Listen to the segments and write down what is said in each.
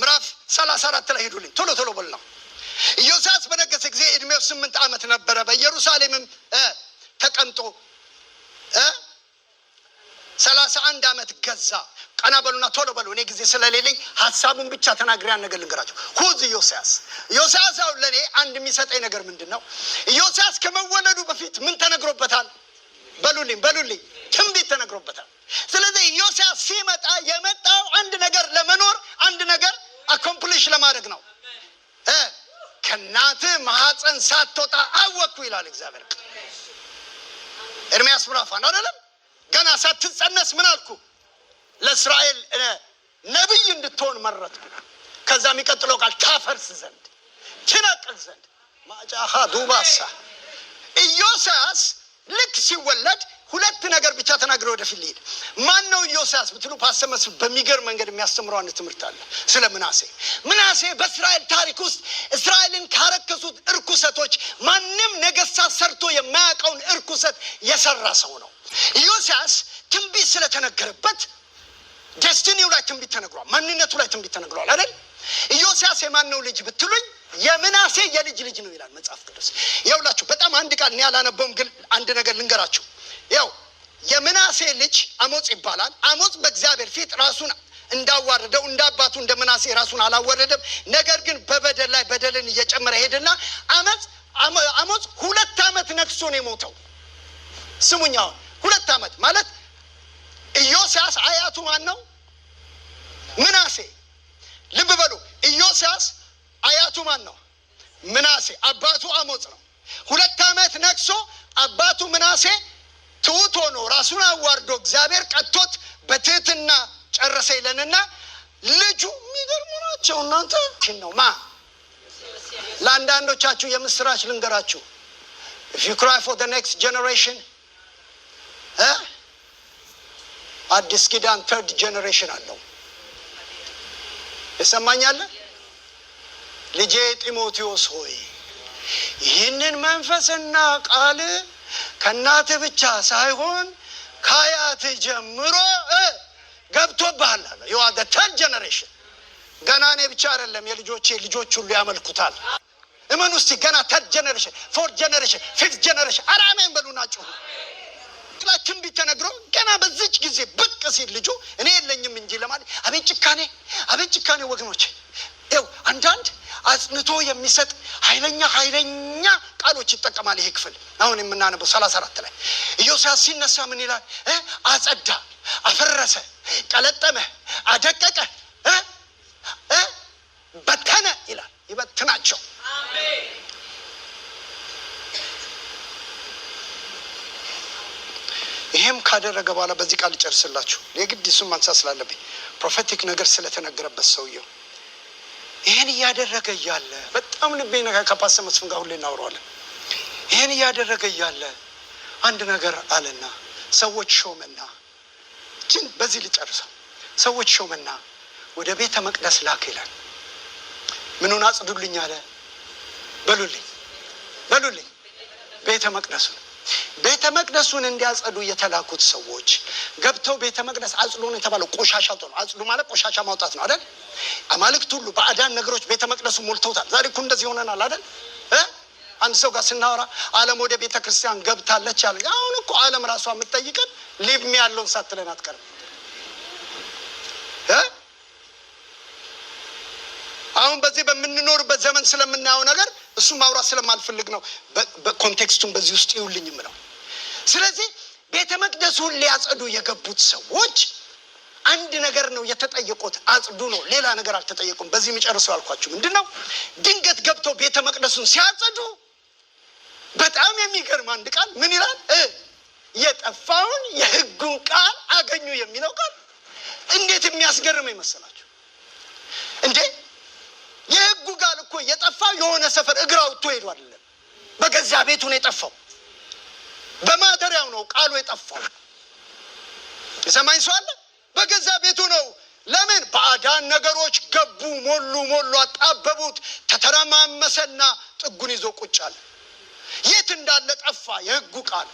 ምዕራፍ 34 ላይ ሄዱልኝ። ቶሎ ቶሎ በላ ኢዮስያስ በነገሰ ጊዜ እድሜው ስምንት ዓመት ነበረ። በኢየሩሳሌምም ተቀምጦ ሰላሳ አንድ ዓመት ገዛ። ቀና በሉና ቶሎ በሉ፣ እኔ ጊዜ ስለሌለኝ ሀሳቡን ብቻ ተናግሬ ያን ነገር ልንገራቸው። ሁዝ ኢዮስያስ ኢዮስያስ አሁን ለእኔ አንድ የሚሰጠኝ ነገር ምንድን ነው? ኢዮስያስ ከመወለዱ በፊት ምን ተነግሮበታል? በሉልኝ በሉልኝ፣ ትንቢት ተነግሮበታል። ስለዚህ ኢዮስያስ ሲመጣ የመጣው አንድ ነገር ለመኖር አንድ ነገር አኮምፕሊሽ ለማድረግ ነው። ከእናትህ ማህፀን ሳትወጣ አወቅኩ ይላል እግዚአብሔር። ኤርምያስ ምዕራፍ አንድ አይደለም ገና ሳትጸነስ ምን አልኩ? ለእስራኤል ነቢይ እንድትሆን መረጥኩ። ከዛ የሚቀጥለው ቃል ታፈርስ ዘንድ ትነቅል ዘንድ ማጫሃ ዱባሳ ኢዮሳስ ልክ ሲወለድ ሁለት ነገር ብቻ ተናግረ ወደፊት ሊሄድ ማን ነው ኢዮስያስ ብትሉ ፓስተር መስፍን በሚገርም መንገድ የሚያስተምረው አንድ ትምህርት አለ ስለ ምናሴ። ምናሴ በእስራኤል ታሪክ ውስጥ እስራኤልን ካረከሱት እርኩሰቶች ማንም ነገስታት ሰርቶ የማያውቀውን እርኩሰት የሰራ ሰው ነው። ኢዮስያስ ትንቢት ስለተነገረበት ደስቲኒው ላይ ትንቢት ተነግሯል፣ ማንነቱ ላይ ትንቢት ተነግሯል አይደል? ኢዮስያስ የማን ነው ልጅ ብትሉኝ የምናሴ የልጅ ልጅ ነው ይላል መጽሐፍ ቅዱስ። የውላችሁ በጣም አንድ ቃል እኔ አላነበውም፣ ግን አንድ ነገር ልንገራችሁ ያው የምናሴ ልጅ አሞጽ ይባላል። አሞጽ በእግዚአብሔር ፊት ራሱን እንዳዋረደው እንደ አባቱ እንደ ምናሴ ራሱን አላወረደም። ነገር ግን በበደል ላይ በደልን እየጨመረ ሄድና አመፅ አሞጽ ሁለት አመት ነግሶ ነው የሞተው። ስሙኝ ሁለት አመት ማለት ኢዮስያስ አያቱ ማን ነው? ምናሴ። ልብ በሉ ኢዮስያስ አያቱ ማን ነው? ምናሴ። አባቱ አሞጽ ነው። ሁለት ዓመት ነግሶ አባቱ ምናሴ ትሁት ሆኖ ራሱን አዋርዶ እግዚአብሔር ቀጥቶት በትህትና ጨረሰ ይለንና ልጁ የሚገርሙ ናቸው እናንተ ነው ማ ለአንዳንዶቻችሁ የምስራች ልንገራችሁ ፊክራይ ዩ ፎር ኔክስት ጀኔሬሽን አዲስ ኪዳን ተርድ ጀኔሬሽን አለው የሰማኛለ ልጄ ጢሞቴዎስ ሆይ ይህንን መንፈስና ቃል ከእናት ብቻ ሳይሆን ከአያትህ ጀምሮ ገብቶብሃል አለ። የዋ አር ተርድ ጀነሬሽን። ገና እኔ ብቻ አይደለም የልጆቼ ልጆች ሁሉ ያመልኩታል። እመን ውስጥ ገና ተርድ ጀነሬሽን፣ ፎርት ጀነሬሽን፣ ፊፍት ጀነሬሽን አራሜን በሉ በሉና ጩሁ። ትንቢት ተነግሮ ገና በዚች ጊዜ ብቅ ሲል ልጁ እኔ የለኝም እንጂ ለማለት አቤት ጭካኔ፣ አቤት ጭካኔ ወገኖች! ው አንዳንድ አጽንቶ የሚሰጥ ኃይለኛ ኃይለኛ ቃሎች ይጠቀማል። ይሄ ክፍል አሁን የምናነበው ሰላሳ አራት ላይ ኢዮስያስ ሲነሳ ምን ይላል? አጸዳ፣ አፈረሰ፣ ቀለጠመ፣ አደቀቀ፣ በተነ ይላል። ይበትናቸው ይሄም ካደረገ በኋላ በዚህ ቃል ጨርስላችሁ የግድ እሱም ማንሳት ስላለብኝ ፕሮፌቲክ ነገር ስለተነገረበት ሰውየው ይህን እያደረገ እያለ በጣም ልቤ ነካ። ከፓስተር መስፍን ጋር ሁሌ እናውረዋለን። ይህን እያደረገ እያለ አንድ ነገር አለና ሰዎች ሾመና፣ ጅን በዚህ ልጨርሰው። ሰዎች ሾመና ወደ ቤተ መቅደስ ላክ ይላል። ምኑን አጽዱልኝ አለ። በሉልኝ በሉልኝ ቤተ መቅደሱን ቤተ መቅደሱን እንዲያጸዱ የተላኩት ሰዎች ገብተው ቤተ መቅደስ አጽዱ ነው የተባለው። ቆሻሻ ውጡ ነው። አጽዱ ማለት ቆሻሻ ማውጣት ነው አይደል? አማልክት ሁሉ በአዳን ነገሮች ቤተ መቅደሱ ሞልተውታል። ዛሬ እኮ እንደዚህ ሆነናል አይደል? አንድ ሰው ጋር ስናወራ አለም ወደ ቤተ ክርስቲያን ገብታለች አለ። አሁን እኮ አለም ራሷ የምትጠይቀን ሊቭ ሚ ያለውን ሳትለን አትቀርም። አሁን በዚህ በምንኖርበት ዘመን ስለምናየው ነገር እሱ ማውራት ስለማልፈልግ ነው። ኮንቴክስቱን በዚህ ውስጥ ይውልኝ ምለው። ስለዚህ ቤተ መቅደሱን ሊያጸዱ የገቡት ሰዎች አንድ ነገር ነው የተጠየቁት፣ አጽዱ ነው። ሌላ ነገር አልተጠየቁም። በዚህ የሚጨርሰው አልኳችሁ ምንድን ነው ድንገት ገብተው ቤተ መቅደሱን ሲያጸዱ በጣም የሚገርም አንድ ቃል ምን ይላል? የጠፋውን የህጉን ቃል አገኙ የሚለው ቃል እንዴት የሚያስገርም ይመስላችሁ እንዴ! የህጉ ቃል እኮ የጠፋው የሆነ ሰፈር እግር አውጥቶ ሄዱ አይደለም፣ በገዛ ቤቱ ነው የጠፋው። በማደሪያው ነው ቃሉ የጠፋው። የሰማኝ ሰው አለ? በገዛ ቤቱ ነው ለምን በአዳን ነገሮች ገቡ፣ ሞሉ፣ ሞሉ፣ አጣበቡት፣ ተተረማመሰና ጥጉን ይዞ ቁጭ አለ። የት እንዳለ ጠፋ። የህጉ ቃል፣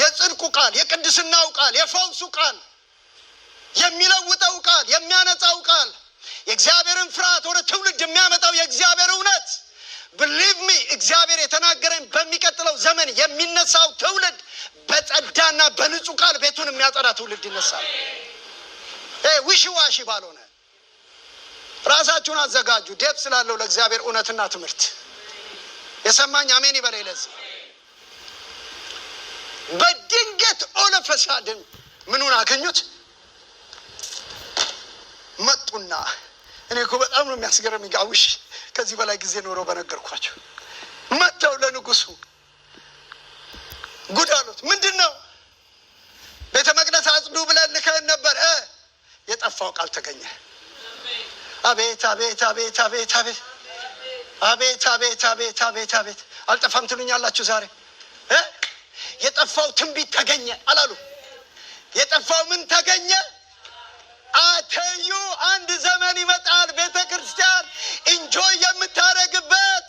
የጽድቁ ቃል፣ የቅድስናው ቃል፣ የፈውሱ ቃል፣ የሚለውጠው ቃል፣ የሚያነጻው ቃል፣ የእግዚአብሔርን ፍርሃት ወደ ትውልድ የሚያመጣው የእግዚአብሔር እውነት ብሊቭ ሚ እግዚአብሔር የተናገረን በሚቀጥለው ዘመን የሚነሳው ትውልድ በጸዳና በንጹህ ቃል ቤቱን የሚያጠራ ትውልድ ይነሳል። ውሽዋሺ ባልሆነ ራሳችሁን አዘጋጁ። ዴፕ ስላለው ለእግዚአብሔር እውነትና ትምህርት የሰማኝ አሜን ይበለ። ለዚህ በድንገት ኦለ ፈሳድን ምኑን አገኙት? መጡና እኔ እኮ በጣም ነው የሚያስገርም ጋውሽ ከዚህ በላይ ጊዜ ኖሮ በነገርኳቸው መጥተው ለንጉሱ ጉድ አሉት። ምንድን ነው ቤተ መቅደስ አጽዱ ብለን ልከን ነበር፣ የጠፋው ቃል ተገኘ። አቤት አቤት አቤት አቤት አቤት አቤት አቤት አቤት አቤት አቤት አልጠፋም ትሉኛላችሁ ዛሬ የጠፋው ትንቢት ተገኘ አላሉ የጠፋው ምን ተገኘ አተዩ አንድ ዘመን ይመጣል ቤተ ክርስቲያን እንጆይ የምታረግበት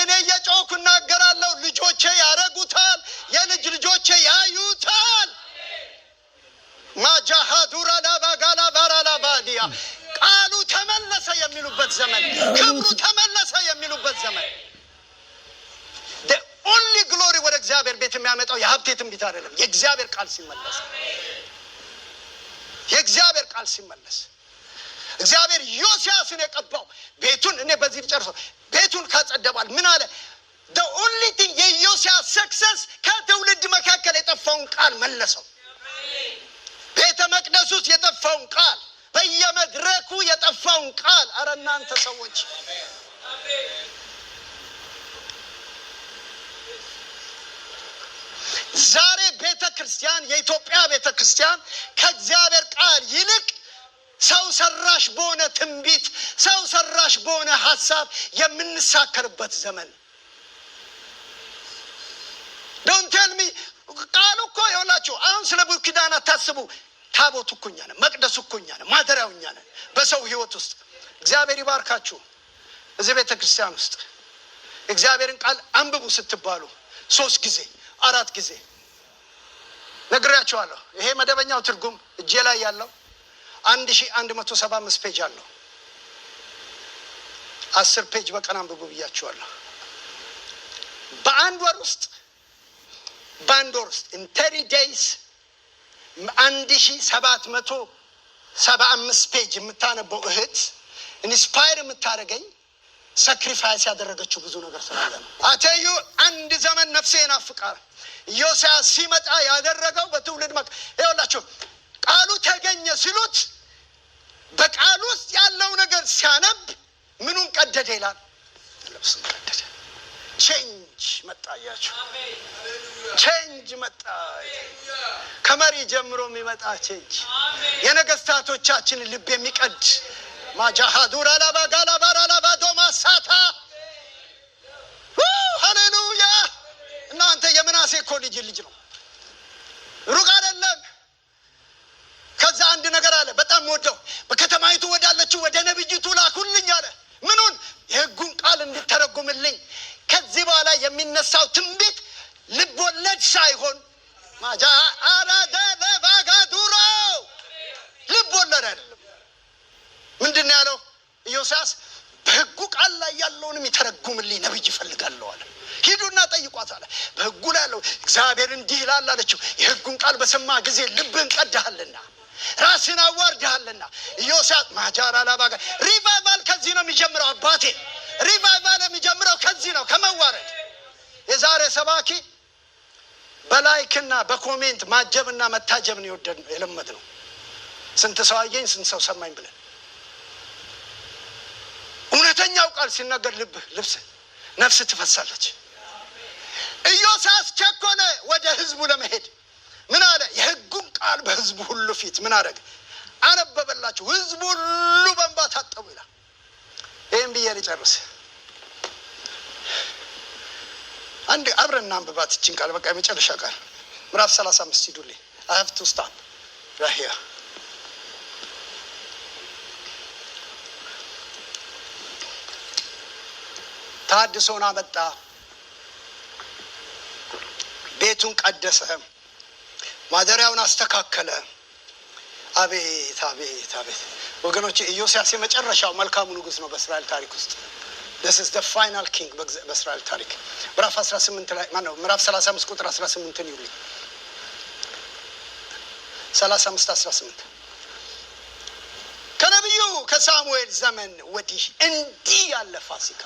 እኔ የጮኩ እናገራለሁ ልጆቼ ያረጉታል የልጅ ልጆቼ ያዩታል ማጃሃዱራዳባጋላባራላባዲያ ተመለሰ የሚሉበት ዘመን፣ ክብሩ ተመለሰ የሚሉበት ዘመን። ኦንሊ ግሎሪ ወደ እግዚአብሔር ቤት የሚያመጣው የሀብቴ ትንቢት አይደለም። የእግዚአብሔር ቃል ሲመለስ፣ የእግዚአብሔር ቃል ሲመለስ እግዚአብሔር ዮሲያስን የቀባው ቤቱን እኔ በዚህ ጨርሶ ቤቱን ካጸደባል ምን አለ ኦንሊ ቲንግ የዮሲያስ ሰክሰስ ከትውልድ መካከል የጠፋውን ቃል መለሰው። ቤተ መቅደስ ውስጥ የጠፋውን ቃል በየመድረኩ የጠፋውን ቃል አረ እናንተ ሰዎች ዛሬ ቤተ ክርስቲያን የኢትዮጵያ ቤተ ክርስቲያን ከእግዚአብሔር ቃል ይልቅ ሰው ሰራሽ በሆነ ትንቢት፣ ሰው ሰራሽ በሆነ ሀሳብ የምንሳከርበት ዘመን ዶንቴልሚ ቃሉ እኮ ይኸውላችሁ። አሁን ስለ ብሉይ ኪዳን አታስቡ። ታቦቱ እኮ እኛ ነን። መቅደሱ እኮ እኛ ነን። ማደሪያው እኛ ነን። በሰው ህይወት ውስጥ እግዚአብሔር ይባርካችሁ። እዚህ ቤተ ክርስቲያን ውስጥ እግዚአብሔርን ቃል አንብቡ ስትባሉ ሶስት ጊዜ አራት ጊዜ ነግሬያችኋለሁ። ይሄ መደበኛው ትርጉም እጄ ላይ ያለው አንድ ሺ አንድ መቶ ሰባ አምስት ፔጅ አለው። አስር ፔጅ በቀን አንብቡ ብያችኋለሁ። በአንድ ወር ውስጥ በአንድ ወር ውስጥ ኢን ተሪ ዴይስ አንድ ሺ ሰባት መቶ ሰባ አምስት ፔጅ የምታነበው እህት ኢንስፓየር የምታደርገኝ ሰክሪፋይስ ያደረገችው ብዙ ነገር ስላለ ነው። አቴዩ አንድ ዘመን ነፍሴ ናፍቃል። ኢዮስያስ ሲመጣ ያደረገው በትውልድ መክ ይኸውላችሁ ቃሉ ተገኘ ሲሉት በቃሉ ውስጥ ያለው ነገር ሲያነብ ምኑን ቀደደ ይላል። ልብሱን ቀደደ። ቼንጅ ቼንጅ መጣ መጣያችሁ፣ ቼንጅ መጣ። ከመሪ ጀምሮ የሚመጣ ቼንጅ የነገስታቶቻችን ልብ የሚቀድ ማጃሃዱር አላባ ጋላባር አላባ ዶማ ሳታ ሃሌሉያ። እናንተ የምናሴ እኮ ልጅ ልጅ ነው ውሻ ይሆን ማጃአራደ በባጋ ዱሮ ልብ ወለድ አይደለም። ምንድን ነው ያለው ኢዮስያስ? በህጉ ቃል ላይ ያለውን የሚተረጉምልኝ ነብይ ይፈልጋለሁ አለ። ሂዱና ጠይቋት አለ። በህጉ ላይ ያለው እግዚአብሔር እንዲህ ይላል አለችው። የህጉን ቃል በሰማ ጊዜ ልብህን ቀድሃልና ራስን አዋርድሃልና። ኢዮስያስ ማጃራ ላባጋ ሪቫይቫል ከዚህ ነው የሚጀምረው አባቴ። ሪቫይቫል የሚጀምረው ከዚህ ነው ከመዋረድ። የዛሬ ሰባኪ በላይክና በኮሜንት ማጀብና መታጀብን የወደድ ነው የለመድ ነው። ስንት ሰው አየኝ፣ ስንት ሰው ሰማኝ ብለን እውነተኛው ቃል ሲናገር ልብ ልብስ ነፍስ ትፈሳለች። ኢዮሳስ ቸኮለ ወደ ህዝቡ ለመሄድ ምን አለ? የህጉን ቃል በህዝቡ ሁሉ ፊት ምን አደረገ? አነበበላችሁ። ህዝቡ ሁሉ በእንባ ታጠቡ ይላል። ይህም ብዬ ልጨርስ። አንድ አብረና አንብባት ይችን ቃል በቃ የመጨረሻ ቃል ምዕራፍ ሰላሳ አምስት ሂዱልኝ። አሀፍት ውስጣ ራህያ ታድሶን አመጣ፣ ቤቱን ቀደሰ፣ ማደሪያውን አስተካከለ። አቤት አቤት አቤት! ወገኖቼ ኢዮስያስ የመጨረሻው መልካሙ ንጉስ ነው በእስራኤል ታሪክ ውስጥ። ስ ፋይናል ኪንግ በእስራኤል ታሪክ ምዕራፍ 18 ላይ ማነው ምዕራፍ 35 ቁጥር 18 35 18 ከነቢዩ ከሳሙኤል ዘመን ወዲህ እንዲህ ያለ ፋሲካ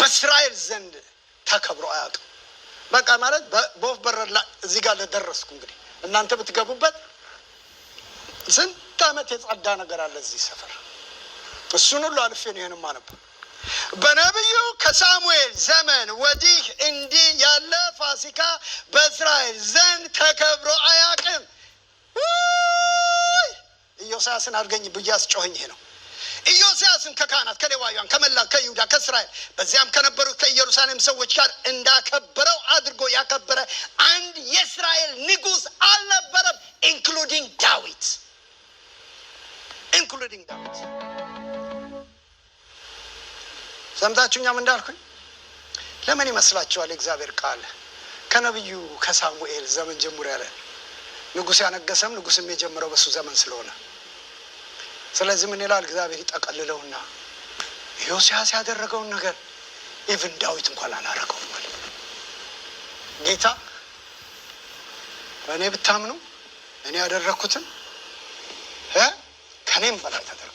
በእስራኤል ዘንድ ተከብሮ አያውቅም። በቃ ማለት በወፍ በረር እዚህ ጋር ለደረስኩ እንግዲህ እናንተ ብትገቡበት ስንት አመት የጸዳ ነገር አለ እዚህ ሰፈር። እሱን ሁሉ አልፌ ነው ይህንም አነበር በነቢዩ ከሳሙኤል ዘመን ወዲህ እንዲህ ያለ ፋሲካ በእስራኤል ዘንድ ተከብሮ አያቅም ኢዮስያስን አድርገኝ ብዬ አስጮኸኝ ነው። ኢዮስያስን ከካህናት ከሌዋውያን፣ ከመላ ከይሁዳ፣ ከእስራኤል በዚያም ከነበሩት ከኢየሩሳሌም ሰዎች ጋር እንዳከበረው አድርጎ ያከበረ አንድ የእስራኤል ንጉሥ አልነበረም። ኢንክሉዲንግ ዳዊት ኢንክሉዲንግ ዳዊት ሰምታችሁኛም እንዳልኩኝ ለምን ይመስላችኋል? የእግዚአብሔር ቃል ከነቢዩ ከሳሙኤል ዘመን ጀምሮ ያለ ንጉሥ ያነገሰም ንጉሥም የጀመረው በሱ ዘመን ስለሆነ ስለዚህ ምን ይላል እግዚአብሔር ይጠቀልለውና ዮስያስ ያደረገውን ነገር ኢቭን ዳዊት እንኳን አላረገውም ጌታ በእኔ ብታምኑ እኔ ያደረግኩትን ከእኔም በላይ ተደረ